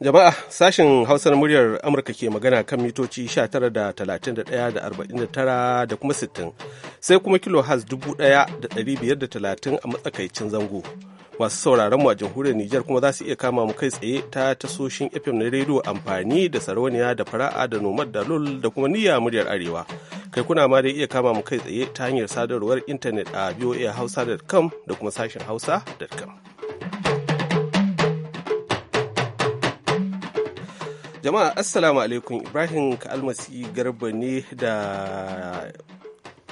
Jama'a sashen Hausar muryar Amurka ke magana kan mitoci 19 da 31 da 49 da kuma 60 sai kuma kilo has 1530 a matsakaicin zango. Masu sauraron mu a jamhuriyar Nijar kuma za su iya kama mu kai tsaye ta tasoshin FM na rediyo amfani da sarauniya da fara'a da nomad da lul da kuma niyya muryar arewa. Kai kuna ma da iya kama mu kai tsaye ta hanyar sadarwar intanet a voahausa.com da kuma sashen hausa.com. jama'a assalamu alaikum ibrahim kalmasi garba ne da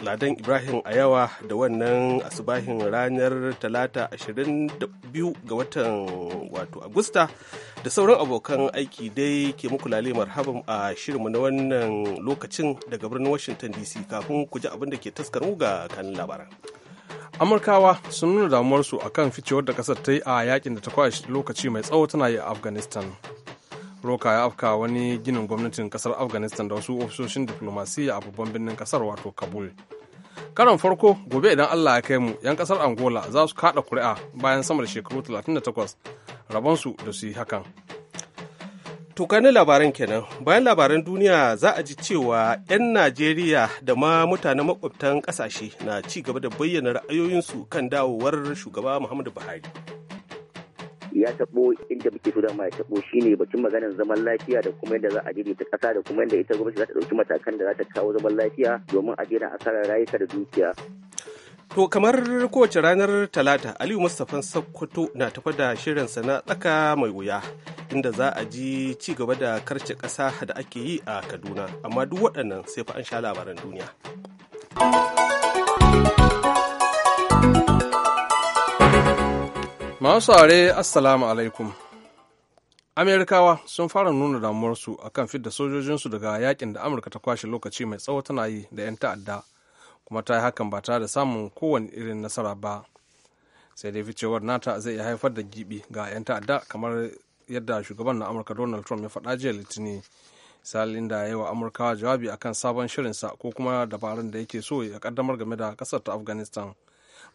ladan ibrahim ayawa da wannan asubahin ranar talata 22 ga watan wato agusta da sauran abokan aiki dai ke muku lale marhaban a shirinmu na wannan lokacin daga birnin washington dc kafin ku ji abin da ke taskar ga kanin labaran amurkawa sun nuna damuwarsu akan ficewar da kasar ta yi a yakin da ta kwashe lokaci mai tsawo tana yi a afghanistan roka ya afka wani ginin gwamnatin kasar afghanistan da wasu ofisoshin diplomasiya a babban birnin kasar wato kabul karon farko gobe idan allah ya kai mu yan kasar angola za su kada kuri'a bayan sama da shekaru 38 rabonsu da su yi hakan to kani labaran kenan bayan labaran duniya za a ji cewa 'yan najeriya da ma mutanen makwabtan kasashe na ci gaba da bayyana ra'ayoyinsu kan dawowar shugaba muhammadu buhari ya taɓo inda muke so dama ya taɓo shine batun maganar zaman lafiya da kuma yadda za a daidaita ƙasa da kuma yadda ita gwamnati za ta ɗauki matakan da za ta kawo zaman lafiya domin a daina asarar rayuka da dukiya. To kamar kowace ranar Talata, Aliyu Mustapha Sokoto na tafa da shirinsa na tsaka mai wuya, inda za a ji ci gaba da karce ƙasa da ake yi a Kaduna, amma duk waɗannan sai fa an sha labaran duniya. Masu are Assalamu alaikum. Amerikawa sun fara nuna damuwarsu akan fidda sojojinsu daga yakin da Amurka ta kwashe lokaci mai tsawo tana yi da 'yan ta'adda, kuma ta yi hakan ba tare da samun kowane irin nasara ba. Sai dai ficewar nata zai iya haifar da gibi ga 'yan ta'adda kamar yadda shugaban na Amurka Donald Trump ya faɗa jiya Litini, salin da ya yi wa amurkawa jawabi akan sabon shirinsa ko kuma dabarun da yake so ya kaddamar game da kasar ta afghanistan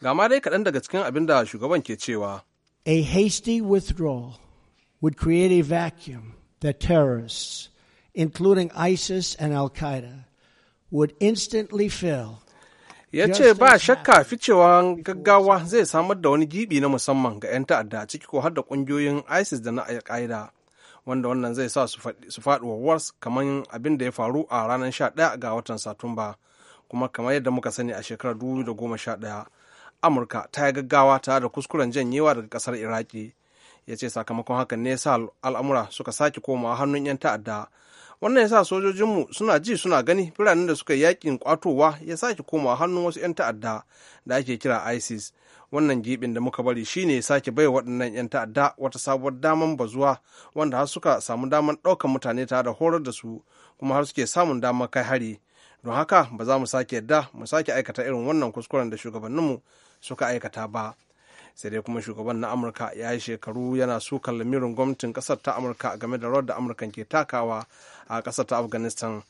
ga ma dai kaɗan daga cikin abin da shugaban ke cewa A hasty withdrawal would create a vacuum that terrorists, including ISIS and Al Qaeda, would instantly fill. Ya ce ba shakka ficewa gaggawa zai samar da wani gibi na musamman ga 'yan ta'adda ciki ko har da ƙungiyoyin ISIS da na al wanda wannan zai sa su faɗuwa wars kamar abin da ya faru a ranar 11 ga watan Satumba, kuma kamar yadda muka sani a shekarar 2011 amurka ta yi gaggawa tare da kuskuren janyewa daga kasar iraki ya ce sakamakon hakan ne sa al'amura suka sake komawa hannun 'yan ta'adda wannan ya sa sojojinmu suna ji suna gani biranen da suka yi yakin kwatowa ya sake komawa hannun wasu 'yan ta'adda da ake kira isis wannan gibin da muka bari shine ya sake bai waɗannan 'yan ta'adda wata sabuwar daman bazuwa wanda har suka samu damar ɗaukar mutane tare da horar da su kuma har suke samun damar kai hari don haka ba za mu sake yadda mu sake aikata irin wannan kuskuren da shugabanninmu suka aikata ba sai dai kuma shugaban na amurka ya yi shekaru yana sukan lamirin gwamnatin kasar ta amurka game da rawar da amurkan ke takawa a kasar ta afghanistan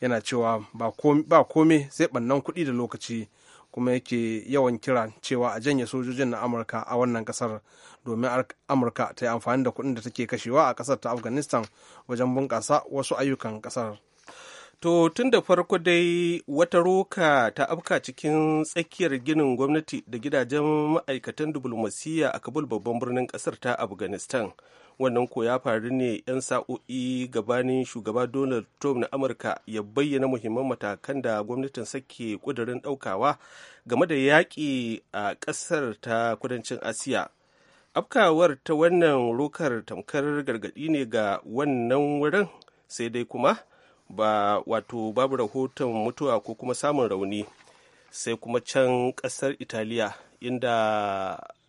yana cewa ba komai sai bannan kuɗi da lokaci kuma yake yawan kira cewa a janye sojojin na amurka a wannan kasar domin amurka ta yi amfani da kuɗin da take kashewa a kasar ta afghanistan wajen bunƙasa wasu ayyukan kasar To tun da farko dai wata roka ta afka cikin tsakiyar ginin gwamnati da gidajen ma'aikatan diplomasiyya a Kabul babban birnin kasar ta Afghanistan. Wannan ko ya faru ne 'yan sa'o'i gabanin shugaba Donald Trump na Amurka ya bayyana muhimman matakan da gwamnatin sake kudurin ɗaukawa game da yaƙi a ƙasar ta kudancin Asiya. Afkawar ta wannan rokar tamkar gargaɗi ne ga wannan wurin sai dai kuma ba wato babu rahoton mutuwa ko kuma samun rauni sai kuma can kasar italiya inda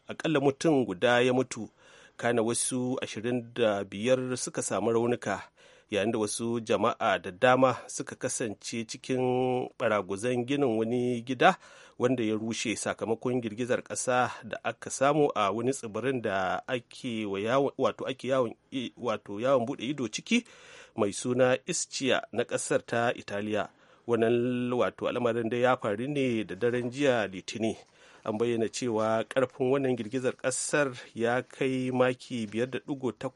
akalla mutum guda ya mutu kana wasu 25 suka samu raunuka yayin da wasu jama'a da dama suka kasance cikin baraguzan ginin wani gida wanda ya rushe sakamakon girgizar ƙasa da aka samu a wani tsibirin da ake wato yawon bude ido ciki mai suna Ischia na ƙasar ta italiya wannan wato al'amarin da ya faru ne da daren jiya litini an bayyana cewa karfin wannan girgizar ƙasar ya kai maki 5.8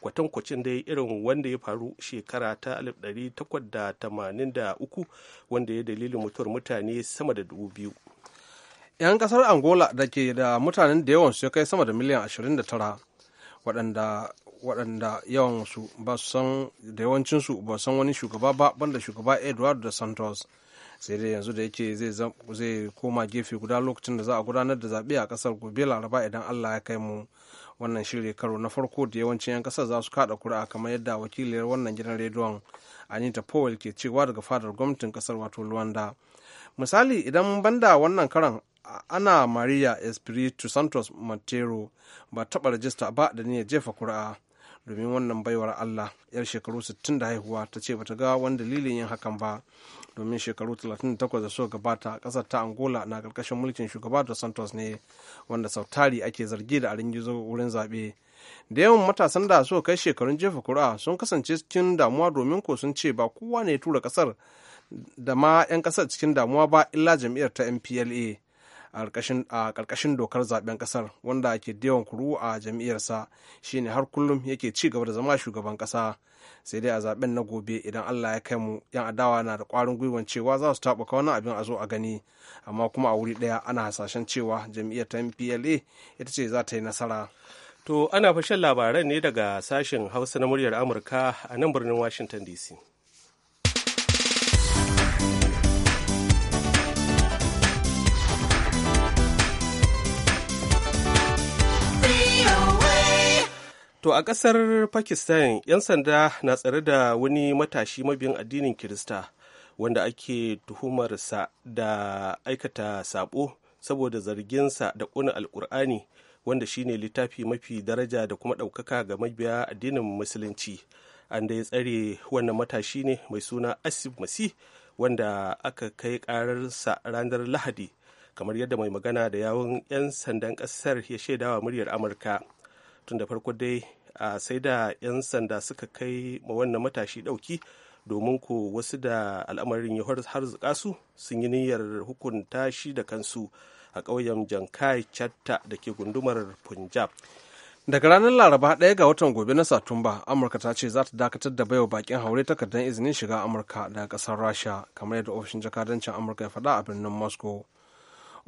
kwatankwacin dai irin wanda ya faru shekara ta 1883 wanda ya dalilin mutuwar mutane sama da dubu biyu. 'yan kasar angola da ke da mutanen da yawan su ya kai sama da miliyan 29 waɗanda waɗanda yawansu ba san da yawancinsu ba san wani shugaba ba banda shugaba eduardo da santos sai dai yanzu da yake zai koma gefe guda lokacin da za a gudanar da zaɓe a ƙasar gobe laraba idan allah ya kai mu wannan shirya karo na farko da yawancin 'yan ƙasar za su kaɗa kuri'a kamar yadda wakiliyar wannan gidan rediyon anita powell ke cewa daga fadar gwamnatin ƙasar wato luwanda misali idan banda wannan karan ana maria espiritu santos matero ba taɓa rajista ba da niyyar jefa kuri'a domin wannan baiwar allah yar shekaru 60 da haihuwa ta ce bata ga wani dalilin yin hakan ba domin shekaru 38 da suka gabata kasar ta angola na karkashin mulkin shugaba da santos ne wanda sautari ake zargi da arin gizo wurin zaɓe da yawan matasan da suka kai shekarun jefa kura sun kasance cikin damuwa domin ko sun ce ba kowa ne ya tura kasar da ma 'yan kasar cikin damuwa ba illa jam'iyyar ta mpla a ƙarƙashin dokar zaben ƙasar wanda ke da yawan kuru a jam'iyyarsa shine har kullum yake ci gaba da zama shugaban ƙasa sai dai a zaben na gobe idan allah ya kai mu yan adawa na da ƙwarin gwiwan cewa za su taɓuka wani abin a zo a gani amma kuma a wuri ɗaya ana hasashen cewa jam'iyyar ta mpla ita ce za ta yi nasara to ana fashin labaran ne daga sashen hausa na muryar amurka a nan birnin washington dc To a ƙasar Pakistan, 'yan sanda na tsare da wani matashi mabiyan addinin Kirista wanda ake tuhumarsa da aikata sabo saboda zarginsa da ƙuna alkur'ani wanda shine littafi mafi daraja da kuma ɗaukaka ga mabiya addinin musulunci. An da tsare wannan matashi ne mai suna Asif Masih wanda aka kai ƙararsa ranar Lahadi kamar yadda mai magana da yawon 'yan sandan ƙasar ya shaidawa muryar Amurka. Tun da farko dai sai da 'yan sanda suka kai ma wannan matashi dauki domin ko wasu da al'amarin ya harzuka su sun yi niyyar hukunta shi da kansu a ƙauyen jankai chatta da ke gundumar punjab daga ranar laraba ɗaya ga watan gobe na satumba amurka ta ce za ta dakatar da baiwa bakin haure takardar izinin shiga amurka daga ƙasar rasha kamar yadda ofishin jakadancin amurka ya faɗa a birnin moscow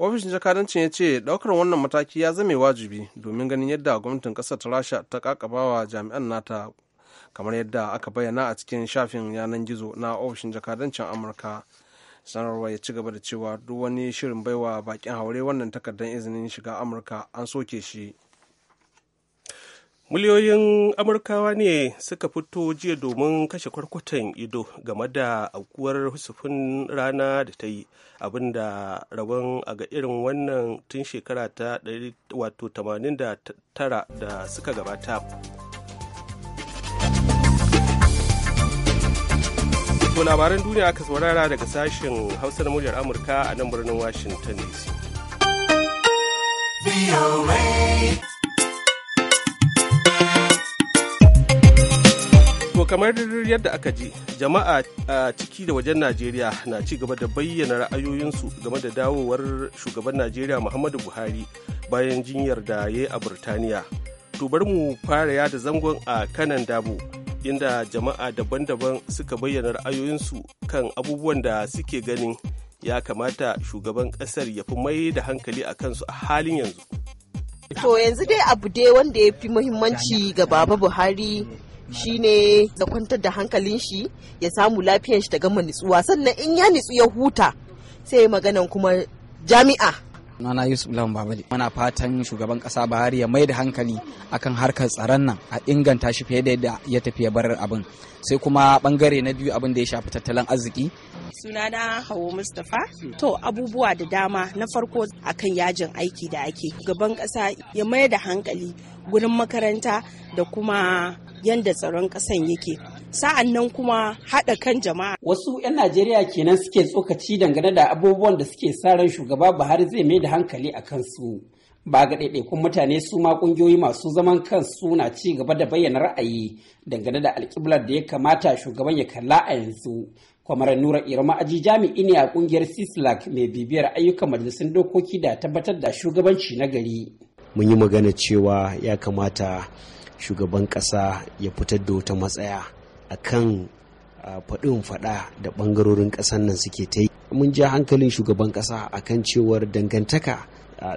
ofishin jakadancin ya ce daukar wannan mataki ya zame wajibi domin ganin yadda gwamnatin kasar ta rasha ta kakabawa jami'an nata kamar yadda aka bayyana a cikin shafin yanar gizo na ofishin jakadancin amurka sanarwa ya ci gaba da cewa duk wani shirin baiwa bakin haure wannan takardar izinin shiga amurka an soke shi miliyoyin amurkawa ne suka fito jiya domin kashe kwarkwatan ido game da aukuwar husufin rana da ta yi abin da rabon a ga irin wannan tun shekara ta 89 da suka gabata To labaran duniya aka saurara daga sashen hausa na muryar amurka a nan birnin washington dc kamar yadda aka ji jama'a a ciki da wajen najeriya na ci gaba da bayyana ra'ayoyinsu game da dawowar shugaban najeriya muhammadu buhari bayan jinyar da ya a burtaniya to mu fara yada zangon a kanan dabo inda jama'a daban-daban suka bayyana ra'ayoyinsu kan abubuwan da suke ganin ya kamata shugaban kasar ya fi mai da hankali a kansu a halin yanzu to yanzu dai abu dai wanda ya fi muhimmanci ga baba buhari Shi da kwantar da hankalin shi ya samu lafiyar shi ta gama nitsuwa sannan in ya nitsu ya huta sai maganan kuma jami'a nana yusuf Lamu babali muna fatan shugaban kasa buhari ya mai da hankali akan harkar tsaron nan a inganta shi fiye da yadda ya tafi ya barar abin sai kuma bangare na biyu abin da ya shafi tattalin arziki sunana hawo mustapha to abubuwa da dama na farko akan yajin aiki da ake Shugaban kasa ya mai da hankali gurin makaranta da kuma yadda tsaron ƙasan yake sa'an nan kuma haɗa kan jama'a. Wasu 'yan Najeriya kenan suke tsokaci dangane da abubuwan da suke sa ran shugaba Buhari zai mai da hankali a kansu. Ba ga ɗaiɗaikun mutane su ma ƙungiyoyi masu zaman kansu na ci gaba da bayyana ra'ayi dangane da alƙiblar da ya kamata shugaban ya kalla a yanzu. kwamar nura irma aji jami'i ne a ƙungiyar sislak mai bibiyar ayyukan majalisun dokoki da tabbatar da shugabanci na gari mun yi magana cewa ya kamata shugaban ƙasa ya fitar da wata matsaya a kan faɗin faɗa da ɓangarorin ƙasar nan suke ta yi mun ja hankalin shugaban ƙasa a kan cewar dangantaka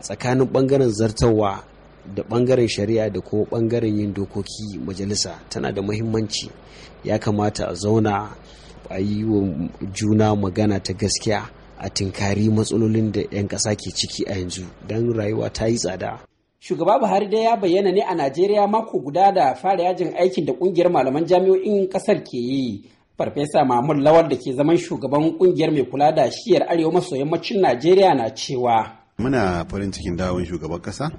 tsakanin ɓangaren zartawa da ɓangaren shari'a da kuma ɓangaren yin dokoki majalisa tana da muhimmanci ya kamata a zauna a yi wa juna magana ta gaskiya a tinkari matsalolin da 'yan ƙasa ke ciki a yanzu don rayuwa ta yi tsada Shugaba Buhari dai ya bayyana ne a Najeriya mako guda da fara yajin aikin da kungiyar malaman jami'o'in kasar ke yi. Farfesa Mahmud Lawal da ke zaman shugaban kungiyar mai kula da shiyar arewa maso yammacin Najeriya na cewa. Muna farin cikin dawon shugaban kasa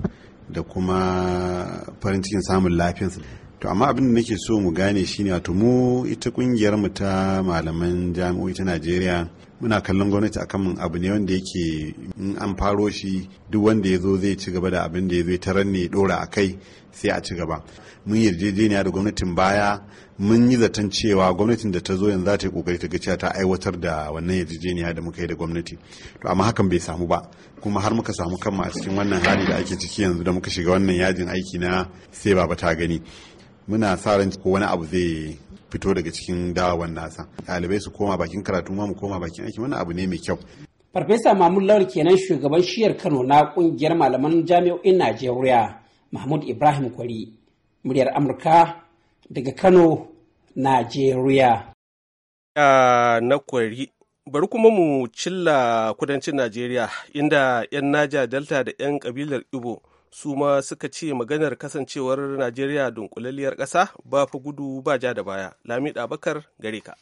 da kuma farin cikin samun lafiyarsa. To amma abin da nake so mu gane shine wato mu ita kungiyar mu ta malaman jami'o'i ta Najeriya muna kallon gwamnati akan abu ne wanda yake in an faro shi duk wanda ya zo zai ci gaba da abin da ya zo taran ne dora a kai sai a ci gaba mun yarjejeniya da gwamnatin baya mun yi zaton cewa gwamnatin da ta zo yanzu za ta yi kokari ta ga cewa ta aiwatar da wannan yarjejeniya da muka yi da gwamnati to amma hakan bai samu ba kuma har muka samu kanmu a cikin wannan hali da ake ciki yanzu da muka shiga wannan yajin aiki na sai ba ta gani muna sa ran ko wani abu zai fito daga cikin dawan nasa ɗalibai su koma bakin karatu ma mu koma bakin aiki wannan abu ne mai kyau farfesa mamun lawal kenan shugaban shiyar kano na kungiyar malaman jami'o'in najeriya mahmud ibrahim kwari muryar amurka daga kano najeriya na kwari bari kuma mu cilla kudancin najeriya inda 'yan naja delta da 'yan kabilar ibo su ma suka ce maganar kasancewar najeriya dunkulalliyar ƙasa ba fa gudu ba ja da baya lamida bakar gare ka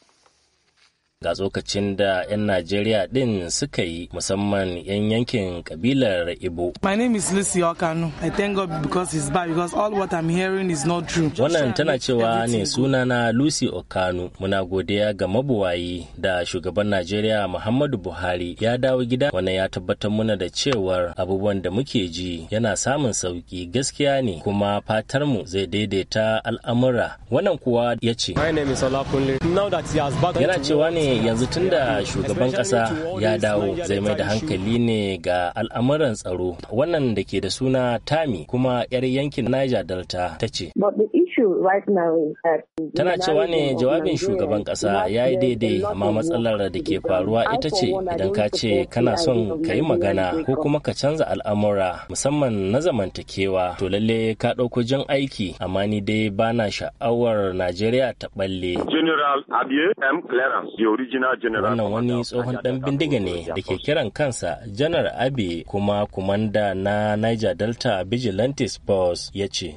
ga tsokacin da 'yan Najeriya ɗin suka yi musamman 'yan yankin kabilar Ibo. My name is Lucy Okanu. I thank God because it's bad because all what I'm hearing is not true. Wannan tana cewa ne sunana Lucy Okanu, Muna godiya ga mabuwayi da shugaban Najeriya Muhammadu Buhari ya dawo gida wannan ya tabbatar muna da cewar abubuwan da muke ji yana samun sauki gaskiya ne kuma fatar mu zai daidaita al'amura. Wannan kuwa ya ce. My name is Olakunle. Now that he has back. Yana cewa ne Yanzu tun da shugaban kasa ya dawo zai mai da hankali ne ga al'amuran tsaro wannan da ke da suna tami kuma 'yar yankin niger delta ta ce Tana cewa ne jawabin shugaban ƙasa ya yi daidai amma matsalar da ke faruwa ita ce idan ka ce kana son ka yi magana ko kuma ka canza al'amura musamman na zamantakewa to lalle ka ɗauko jan aiki amma ni dai ba na sha'awar Najeriya ta balle. Wannan wani tsohon ɗan bindiga ne da ke kiran kansa Janar abi kuma kumanda na Niger Delta Vigilantes Force ya ce.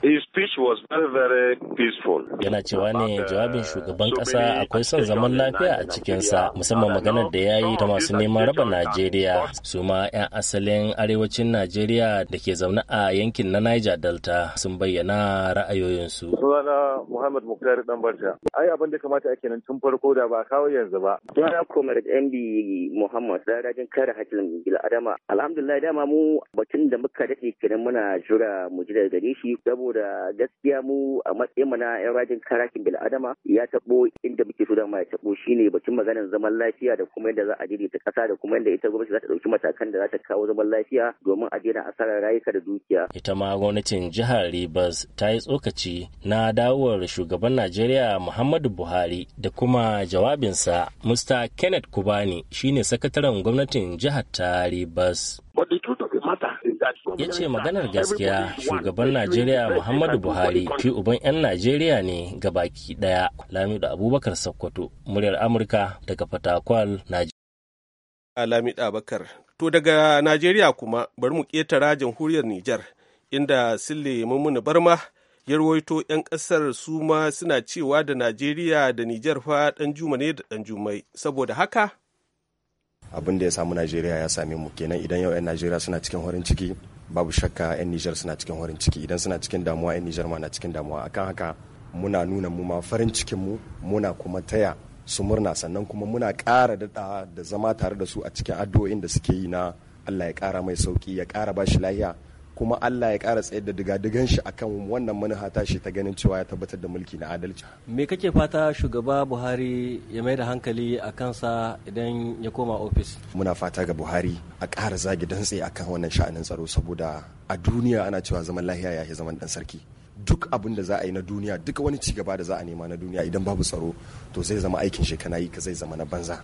Yana cewa ne uh, jawabin shugaban ƙasa akwai son zaman lafiya a cikinsa musamman maganar da ya yi ta masu neman raba Najeriya su ma 'yan asalin arewacin Najeriya da ke zaune a yankin na Niger Delta sun bayyana ra'ayoyinsu. Sunana Muhammad Mukhtar Danbarta. Ai abin da kamata ake nan tun farko da ba kawo yanzu ba. Sunana Komar MB Muhammad Darajin Kare Hakkin adama. Alhamdulillah dama mu batun da muka dace kenan muna jira mu ji daga gare shi saboda gaskiya mu a matsayin mu yan rajin karakin bil'adama ya tabo inda muke so dama ya tabo shine bakin maganar zaman lafiya da kuma yadda za a daidaita kasa da kuma yadda ita gwamnati za ta dauki matakan da za ta kawo zaman lafiya domin a daina asarar rayuka da dukiya ita ma gwamnatin jihar Rivers ta yi tsokaci na dawowar shugaban Najeriya Muhammadu Buhari da kuma jawabinsa Mr Kenneth Kubani shine sakataren gwamnatin jihar ta Rivers ya ce maganar gaskiya shugaban najeriya muhammadu buhari fi uban 'yan najeriya ne ga baki daya lamido abubakar sakkwato muryar amurka daga fatakwal Najeriya. lamido abubakar to daga najeriya kuma bari mu ƙetara jamhuriyar nijar inda sille mummuni barma ya rawaito 'yan ƙasar su ma suna cewa da najeriya da nijar fa ɗan juma ne da ɗan jumai saboda haka abin da ya samu najeriya ya same mu kenan idan yau 'yan najeriya suna cikin horin ciki babu shakka 'yan nijar suna cikin horin ciki idan suna cikin damuwa 'yan nijar ma na cikin damuwa akan haka muna nuna mu ma farin cikin mu muna kuma taya su murna sannan kuma muna ƙara da da zama tare da su a cikin addu'o'in da suke yi na allah ya ƙara mai sauki ya ƙara ba shi lahiya kuma Allah ya ƙara tsayar da digadigan shi akan wannan manufa ta shi ta ganin cewa ya tabbatar da mulki na adalci. Me kake fata shugaba Buhari ya mai da hankali a kansa idan ya koma ofis? Muna fata ga Buhari a ƙara zagi don tsaye akan wannan sha'anin tsaro saboda a duniya ana cewa zaman lahiya ya yi zaman ɗan sarki. duk abin da za a yi na duniya duk wani ci gaba da za a nema na duniya idan babu tsaro to zai zama aikin shekana yi ka zai zama na banza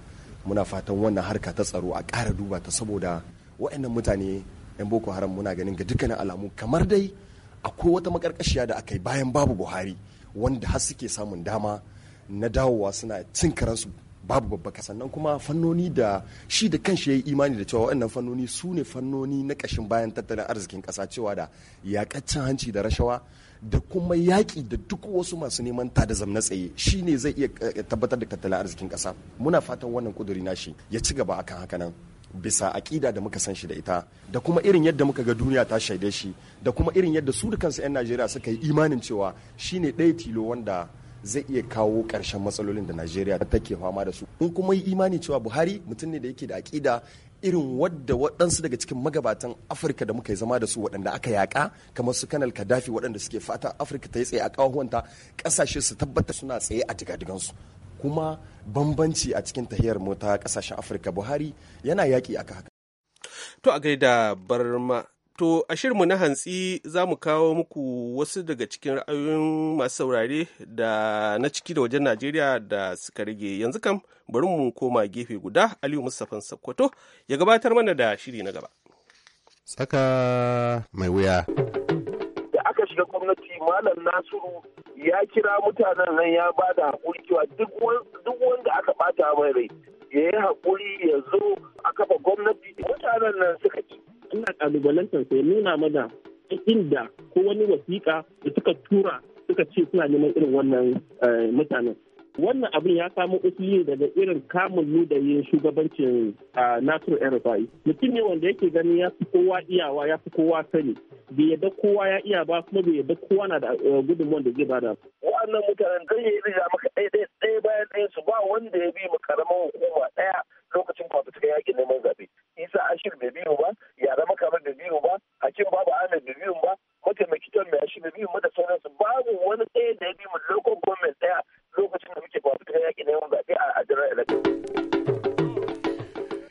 muna fatan wannan harka ta tsaro a ƙara duba ta saboda waɗannan mutane 'yan boko haram muna ganin ga dukkanin alamu kamar dai akwai wata makarkashiya da aka yi bayan babu buhari wanda har suke samun dama na dawowa suna cin karansu babu babba sannan kuma fannoni da shi da kanshi ya yi imani da cewa wannan fannoni su ne fannoni na kashin bayan tattalin arzikin kasa cewa da yaƙaccin hanci da rashawa da kuma yaƙi da duk wasu masu neman ta da zamna tsaye shi ne zai iya eh, tabbatar da tattalin arzikin kasa muna fatan wannan kuduri na shi ya ci gaba akan haka nan bisa aƙida da muka san shi da ita da kuma irin yadda muka ga duniya ta shaida shi da kuma irin yadda su kansu 'yan najeriya suka yi imanin cewa shine ɗaya tilo wanda zai iya kawo ƙarshen matsalolin da najeriya take fama da su in kuma yi imani cewa buhari mutum ne da yake da aƙida irin wadda waɗansu daga cikin magabatan afirka da muka yi zama da su waɗanda aka yaƙa kamar su kanal kadafi waɗanda suke fata afirka ta yi tsaye a ƙawahuwanta ƙasashe su tabbata suna tsaye a digadigansu kuma bambanci a cikin tahiyar mota ta kasashen afirka buhari yana yaki aka haka to a gaida barma to a shirinmu na hantsi za mu kawo muku wasu daga cikin ra'ayoyin masu saurare da na ciki da wajen najeriya da suka rage yanzu kam bari mu koma gefe guda aliyu mustapha sakkwato ya gabatar mana da shiri na gaba tsaka mai wuya da aka shiga gwamnati malam nasiru ya kira mutanen nan ya ba da haƙuri cewa duk wanda aka bata mai rai ya yi haƙuri ya zo a kafa gwamnati mutanen nan suka ci. ina ƙalubalantar sai nuna maza inda ko wani wasiƙa da suka tura suka ce suna neman irin wannan eh, mutanen wannan abin ya samo usuli daga irin kamun ludayin shugabancin ah, nasiru el mutum ne wanda yake gani ya fi kowa iyawa ya fi kowa sani bai yadda kowa ya iya ba kuma bai yadda kowa na da eh, gudunmuwan da zai ba da. Wannan mutanen zai yi rija maka ɗaya bayan ɗaya su ba wanda ya bi mu karamar hukuma ɗaya lokacin suka yaƙi neman zaɓe. Isa Ashir bai biyu ba, Yara Makamar da biyu ba, Hakim Babu Ahmed da biyu ba, mataimakin mai Ashir da biyu ba da sauransu babu wani ɗaya da ya bi mu local government ɗaya lokacin da muke suka yaƙi neman zaɓe a ajiyar election.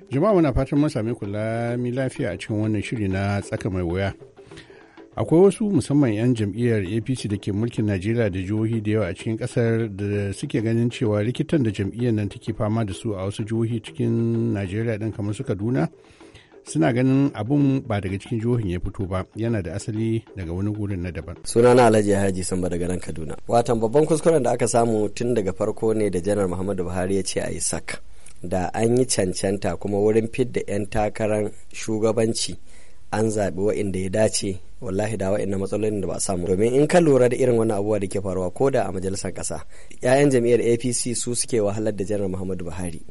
Jama'a muna fatan mun sami kula mi lafiya a cikin wannan shiri na tsaka mai wuya. akwai wasu musamman 'yan jam'iyyar apc da ke mulkin najeriya da jihohi da yawa a cikin kasar da suke ganin cewa likitan da jam'iyyar nan take fama da su a wasu jihohi cikin najeriya din kamar su kaduna suna ganin abun ba daga cikin jihohin ya fito ba yana da asali daga wani gurin na daban suna na alhaji haji samba daga nan kaduna watan babban kuskuren da aka samu tun daga farko ne da janar muhammadu buhari ya ce a isak da an yi cancanta kuma wurin fidda 'yan takarar shugabanci an zaɓi wa'inda ya dace wallahi da wa'in matsalolin da ba a samu domin in ka lura da irin wannan abubuwa da ke faruwa ko da a majalisar ƙasa 'ya'yan jam'iyyar apc su suke wahalar da janar muhammadu buhari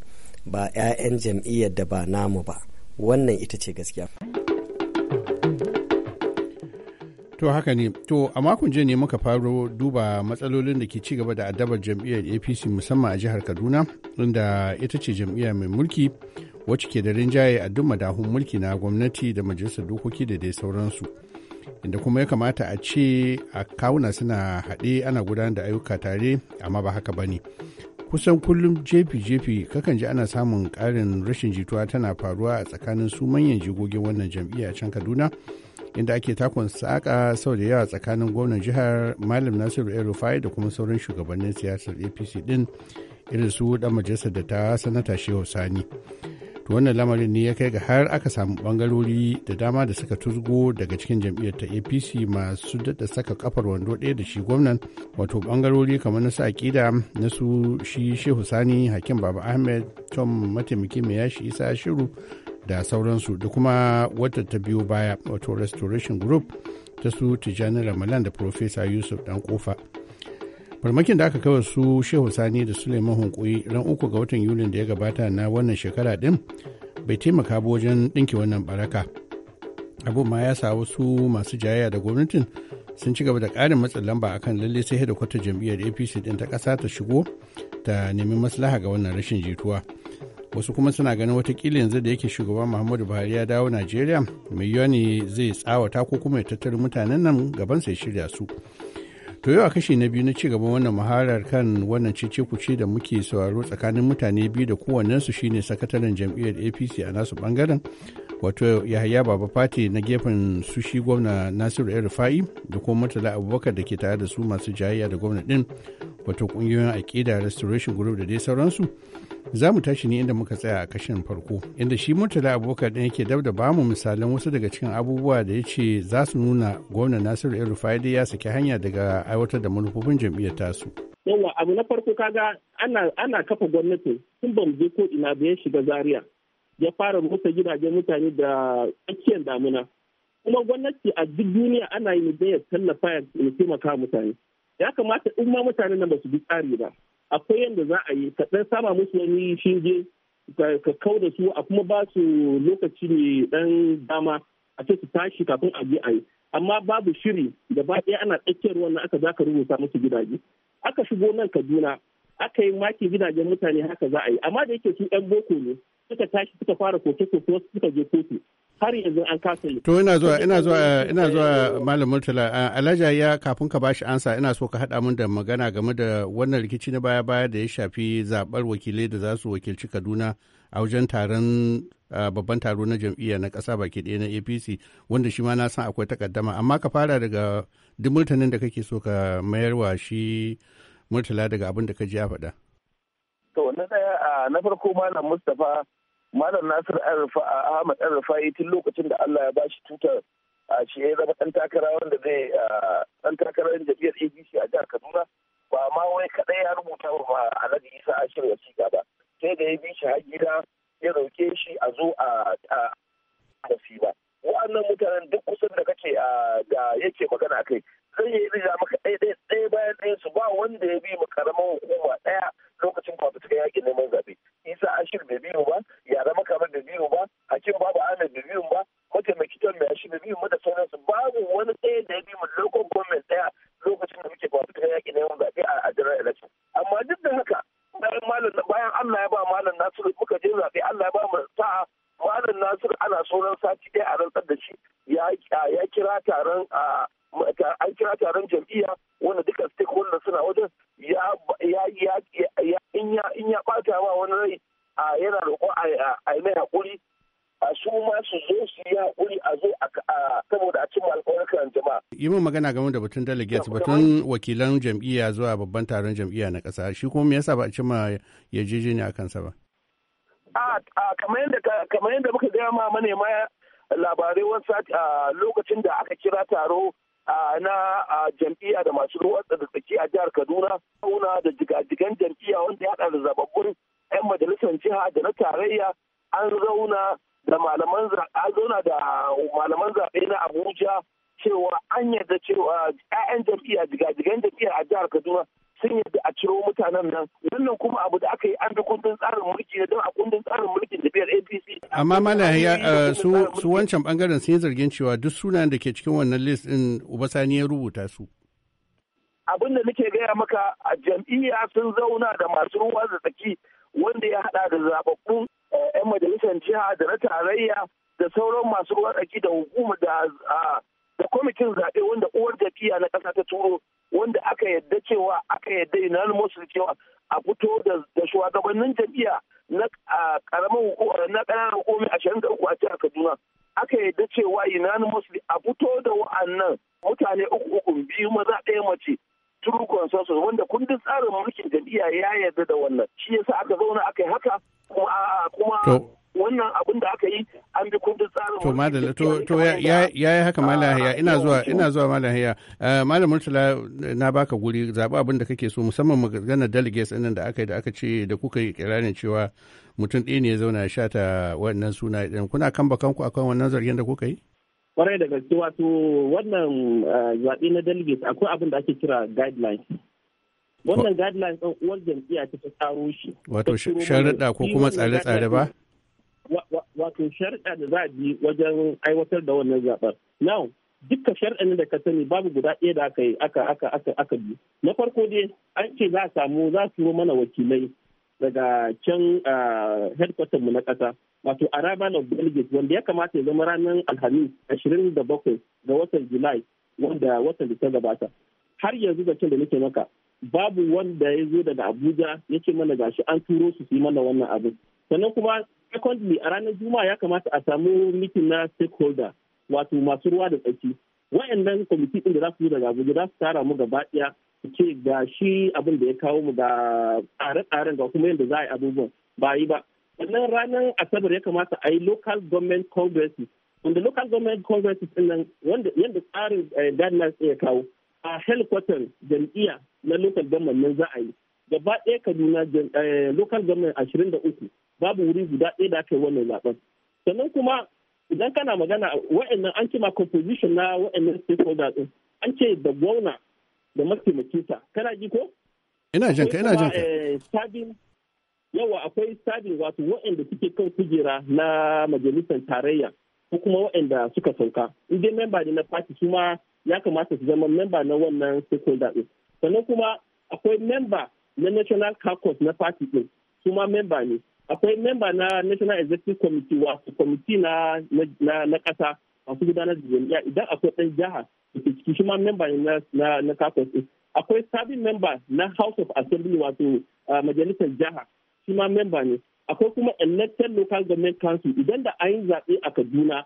ba 'ya'yan jam'iyyar da ba namu ba wannan ita ce gaskiya to haka ne to a makon jiya ne muka faro duba matsalolin da ke ci gaba da addabar jam'iyyar apc musamman a jihar kaduna inda ita ce jam'iyya mai mulki wacce ke da rinjaye a duk madahun mulki na gwamnati da majalisar dokoki da dai sauransu inda kuma ya kamata a ce a kawuna suna haɗe ana gudanar da ayyuka tare amma ba haka ba ne kusan kullum jefi-jefi kakan ji ana samun ƙarin rashin jituwa tana faruwa a tsakanin su manyan jigogin wannan jam'iyya can kaduna inda ake takon saƙa sau da yawa tsakanin gwamnan jihar malam nasiru el rufai da kuma sauran shugabannin siyasar apc din irin su dan majalisar da ta sanata shehu sani to wannan lamarin ne ya kai ga har aka samu bangarori da dama da suka tuzgo daga cikin jam'iyyar ta apc masu daɗa saka kafar wando ɗaya da shi gwamnan wato bangarori kamar na su aƙida na su shi shehu sani hakim baba ahmed tom mataimaki mai yashi isa shiru da sauransu da kuma wata ta biyo baya wato restoration group ta su tijjani ramalan da professor yusuf dan kofa farmakin da aka kawar su shehu sani da suleiman hunkuri ran uku ga watan yulin da ya gabata na wannan shekara din bai taimaka ba wajen ɗinke wannan baraka abu ma ya sa wasu masu jayayya da gwamnatin sun ci gaba da ƙarin matsin lamba akan lalle sai da kwata jam'iyyar apc din ta kasa ta shigo ta nemi maslaha ga wannan rashin jituwa wasu kuma suna ganin watakila yanzu da yake shugaba muhammadu buhari ya dawo nigeria mai ne zai tsawata ko kuma ya tattara mutanen nan gaban sai shirya su to yau a kashi na biyu na ci gaban wannan maharar kan wannan cece kuce da muke sauraro tsakanin mutane biyu da kowannensu shine sakataren jam'iyyar apc a nasu bangaren wato yahaya baba fati na gefen sushi gwamna nasiru el rufa'i da kuma murtala abubakar da ke tare da su masu jayayya da gwamna din wato kungiyoyin aƙida restoration group da dai sauransu za mu tashi ne inda muka tsaya a kashin farko inda shi murtala abubakar ɗin yake dab da ba mu misalan wasu daga cikin abubuwa da ya ce za su nuna gwamnan nasiru el rufai ya saki hanya daga aiwatar da manufofin jam'iyyar tasu yawa abu na farko kaga ana ana kafa gwamnati tun ba je ko ina ba ya shiga zaria ya fara motsa gidajen mutane da tsakiyar damuna kuma gwamnati a duk duniya ana yi ne ya tallafa ya taimaka mutane ya kamata in ma mutanen nan ba su bi tsari ba akwai yadda za a yi ka ɗan sama musu wani shinge ka kau da su a kuma ba su lokaci mai ɗan dama a ce su tashi kafin a je a yi amma babu shiri da ba ɗaya ana tsakiyar wannan aka za ka rubuta musu gidaje aka shigo nan kaduna aka yi maki gidajen mutane haka za a yi amma da yake su 'yan boko ne suka tashi suka fara koke koke wasu suka je kotu har yanzu an kasa to ina zuwa ina zuwa ina zuwa malam murtala Alhaji ya kafin ka bashi ansa ina so ka hada mun da magana game da wannan rikici na baya baya da ya shafi zabar wakilai da za su wakilci kaduna a wajen taron babban taro na jam'iyya na ƙasa baki ɗaya na apc wanda shi ma na san akwai takaddama amma ka fara daga duk mutanen da kake so ka mayarwa shi murtala daga abin da ka ji a faɗa. to na farko malam mustapha malam nasir ahmad ɗan tun lokacin da allah ya bashi tutar shi ya zama ɗan takara wanda zai ɗan takarar jam'iyyar abc a jihar kaduna ba ma wai kaɗai ya rubuta wa alhaji isa ashir wasiƙa ba sai da ya bi shi har gida ya roƙe shi a zo a tafi ba wa'annan mutanen duk kusan da kake da yake magana a kai zai yi rija maka ɗaya ɗaya bayan ɗaya su ba wanda ya bi mu karamar hukuma ɗaya lokacin fafutuka yaƙin neman zaɓe isa ashir bai biyu ba zama kamar da biyu ba hakim babu ahmed da biyu ba mataimakitan mai shi da biyu da sauransu babu wani ɗaya da ya bi mu local government ɗaya lokacin da muke fafutukar yaƙi na yawan zaɓe a ajiyar election amma duk da haka bayan malam bayan Allah ya ba malam Nasiru muka je zaɓe Allah ya ba mu sa'a malam Nasiru ana sauran sati ɗaya a rantsar da shi ya kira taron an kira taron jam'iyya wanda duka stakeholders suna wajen ya in ya ɓata ma wani rai a yana roƙo a yi mai haƙuri a su ma su zo su yi haƙuri a zo a saboda a cimma kan jama'a. Yi min magana game da batun delegates batun wakilan jam'iyya zuwa babban taron jam'iyya na ƙasa shi kuma me yasa ba a cimma yarjejeniya a kansa ba. A kamar yadda muka gaya ma manema labarai wasu a lokacin da aka kira taro na jam'iyya da masu ruwa da tsaki a jihar Kaduna, Kauna da jigajigan jam'iyya wanda ya haɗa da zababbun 'yan majalisar jiha da na tarayya an zauna da malaman zaɓe na Abuja cewa an yadda cewa 'ya'yan jam'iyya jigajigan jam'iyya a jihar Kaduna sun yarda a ciro mutanen nan wannan kuma abu da aka yi an bi kundin tsarin mulki da don a kundin tsarin mulki da biyar APC. Amma ya eh, su wancan bangaren sun yi zargin cewa duk sunayen da ke cikin wannan list din sani ya rubuta su. Abin da nake gaya maka a jam'iyya sun zauna da masu ruwa da tsaki wanda ya haɗa da zababbun 'yan eh, majalisar jiha da na tarayya da sauran masu ruwa tsaki da hukuma da kwamitin zaɓe wanda uwar tafiya na ƙasa ta turo wanda aka yadda cewa aka yadda almosu cewa a fito da shugabannin jam'iyya na ƙaramin na ƙananan hukumi ashirin da uku a jihar Kaduna aka yadda cewa unanimously a fito da wa'annan mutane uku uku biyu maza ɗaya mace true consensus wanda kundin tsarin mulkin jam'iyya ya yarda da wannan shi yasa aka zauna aka yi haka kuma wannan abin da aka yi an bi kundin tsarin to madalla to to ya yi haka malahiya ina zuwa ina zuwa malahiya eh, malam murtala na baka guri zaɓi abin da kake so musamman magana delegates ɗin da aka yi da aka ce da kuka yi kirarin cewa mutum ɗaya ne ya zauna ya shata wannan suna kuna kan bakanku akan wannan zargin da kuka yi kwarai da gaske wato wannan eh, zaɓe na delegate akwai abin da ake kira guidelines wannan guidelines ɗan uwar jam'iyya ta ta tsaro shi wato sharuɗa ko kuma tsare-tsare ba wato sharuɗa da za a bi wajen aiwatar da wannan zaɓar now dukkan sharuɗan da ka sani babu guda ɗaya da aka yi aka aka aka aka bi na farko dai an ce za a samu za su mana wakilai daga can eh, headquarter mu na ƙasa wato a rival of delegates wanda ya kamata ya zama ranar alhamis ashirin da bakwai ga watan july wanda watan da ta gabata har yanzu da da nake maka babu wanda ya zo daga abuja ya ce mana gashi an turo su su mana wannan abin sannan kuma secondly a ranar juma'a ya kamata a samu mitin na stakeholder wato masu ruwa da tsaki wayannan kwamiti ɗin da za su yi daga abuja za su tara mu gaba ɗaya su ce gashi abin da ya kawo mu ga tsare-tsaren ga kuma yadda za a yi abubuwan ba yi ba wannan ranar asabar ya kamata a yi local government congresses wanda local government congresses din nan yadda tsarin eh, guidelines ya kawo a helicopter jam'iyya na local government nan za a yi gaba ɗaya kaduna eh, local government ashirin da uku babu wuri guda ɗaya da aka yi wannan zaɓen sannan kuma idan kana magana wa'annan an ce ma composition na wa'annan stakeholders din an ce da gwamna da mataimakinsa kana ji ko ina jinka ina jinka yawa akwai sabin wato waɗanda suke kan kujera na majalisar tarayya ko kuma waɗanda suka sauka in dai memba ne na party su ma ya kamata su zama memba na wannan stakeholder ɗin sannan kuma akwai memba na national caucus na party ɗin su ma memba ne akwai memba na national executive committee wato kwamiti na na ƙasa masu gudanar da jami'a idan akwai ɗan jiha da ciki shi ma memba ne na na caucus ɗin akwai sabin memba na house of assembly wato majalisar jiha shi ma memba ne akwai kuma elected local government council idan da an yi zaɓe a kaduna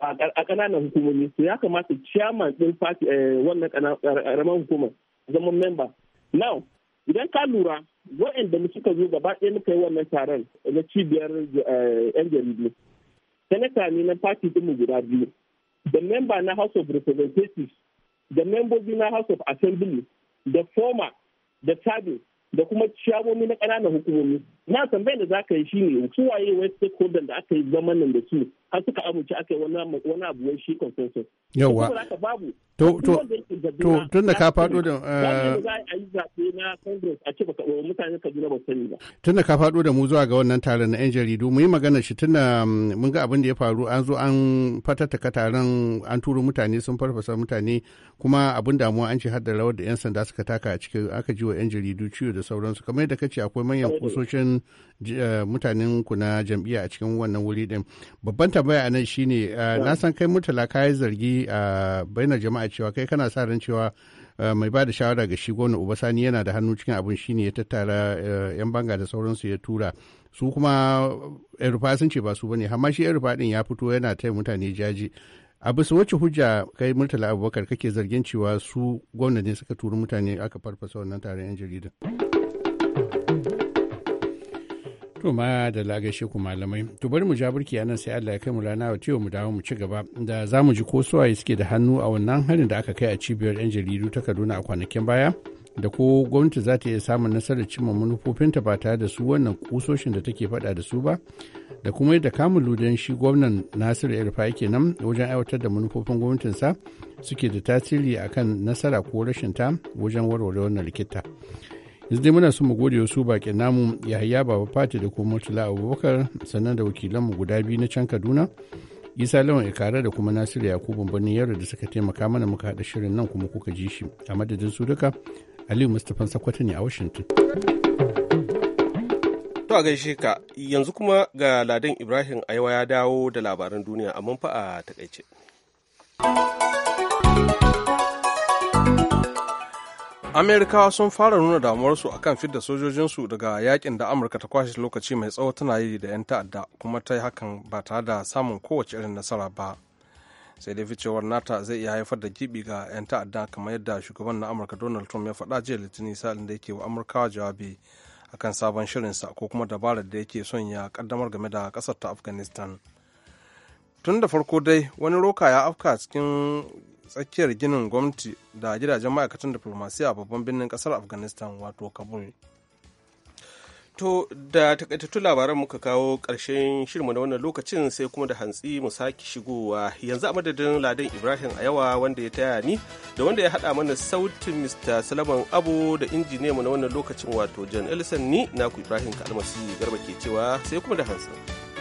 a ƙananan hukumomi to ya kamata chairman ɗin eh, wannan ƙaramin hukumar zama memba now idan ka lura mu suka zo gaba ɗaya muka yi wannan taron na cibiyar yan eh, jaridu sanata ne na party ɗinmu guda biyu da memba na house of representatives da membobi na house of assembly da former da serving da kuma shagomi na ƙananan hukumomi na tambayar da za ka yi shine su waye wai stakeholder da aka yi nan da su har suka amince aka yi wani abu wai shi consensus yawa haka babu To, to, to, tun da ka faɗo da... Eh, tun da ka faɗo da mu zuwa ga wannan taron na 'yan jaridu, mu yi magana shi tun da mm, mun ga abin da ya faru an zo an fatattaka taron an turo mutane sun farfasa mutane kuma abin damuwa an ce haddara rawar da 'yan sanda suka taka a cikin aka ji wa 'yan jaridu ciwo da sauransu. Kamar yadda ka ce akwai manyan kusoshin eh, mutanen ku na jam'iyya a cikin wannan wuri din. Babban tambaya a nan shine eh, na san kai mutala yi zargi a bainar jama'a cewa kai kana sa ran cewa eh, mai ba da shawara ga shi uba sani yana da hannu cikin abin shine ya tattara eh, 'yan banga da sauransu ya tura su kuma Erufa sun ce ba su bane amma shi Erufa din ya fito yana taya mutane jaji a bisa wacce hujja kai Murtala Abubakar kake zargin cewa su gwamna ne suka turi mutane aka farfasa wannan taron 'yan jarida. To ma da lagashe ku malamai. To bari mu ja burki nan sai Allah ya kai mu rana wa tiyo mu dawo mu ci gaba da za mu ji ko suwaye suke da hannu a wannan harin da aka kai a cibiyar 'yan jaridu ta Kaduna a kwanakin baya. Da ko gwamnati za ta iya samun nasarar cimma manufofinta ba tare da su wannan kusoshin da take faɗa da su ba. Da kuma yadda kamun ludan shi gwamnan Nasiru Irfa yake nan wajen aiwatar da manufofin gwamnatinsa suke da tasiri akan nasara ko rashin ta wajen warware wannan rikita. yanzu dai muna son mu gode wasu bakin namu yahaya baba fati da kuma murtala abubakar sannan da wakilanmu guda biyu na can kaduna isa lawan ikara da kuma nasiru yakubu birnin yaro da suka taimaka mana muka haɗa shirin nan kuma kuka ji shi a madadin su duka aliyu mustapha sakwata ne a washington to a gaishe ka yanzu kuma ga ladan ibrahim aiwa ya dawo da labaran duniya amma fa a takaice amerikawa sun fara nuna damuwarsu akan fidda sojojinsu daga yakin da amurka ta kwashe lokaci mai tsawo tana yi da 'yan ta'adda kuma ta yi hakan ba tare da samun kowace irin nasara ba sai dai ficewar nata zai iya haifar da gibi ga 'yan ta'adda kamar yadda shugaban na amurka donald trump ya faɗa jiya litinin sa'in da yake wa amurkawa jawabi akan sabon shirinsa ko kuma dabarar da yake son ya kaddamar game da kasar ta afghanistan tun da farko dai wani roka ya afka cikin tsakiyar ginin gwamnati da gidajen ma'aikatan diplomasiya a babban birnin kasar afghanistan wato kabul to da takaitattun labaran muka kawo ƙarshen shirma na wannan lokacin sai kuma da hantsi mu sake shigowa yanzu a madadin ladan ibrahim a yawa wanda ya taya ni da wanda ya haɗa mana sautin mr salaman abu da mu na wannan lokacin wato john ellison ni naku ibrahim kalmasi garba ke cewa sai kuma da hantsi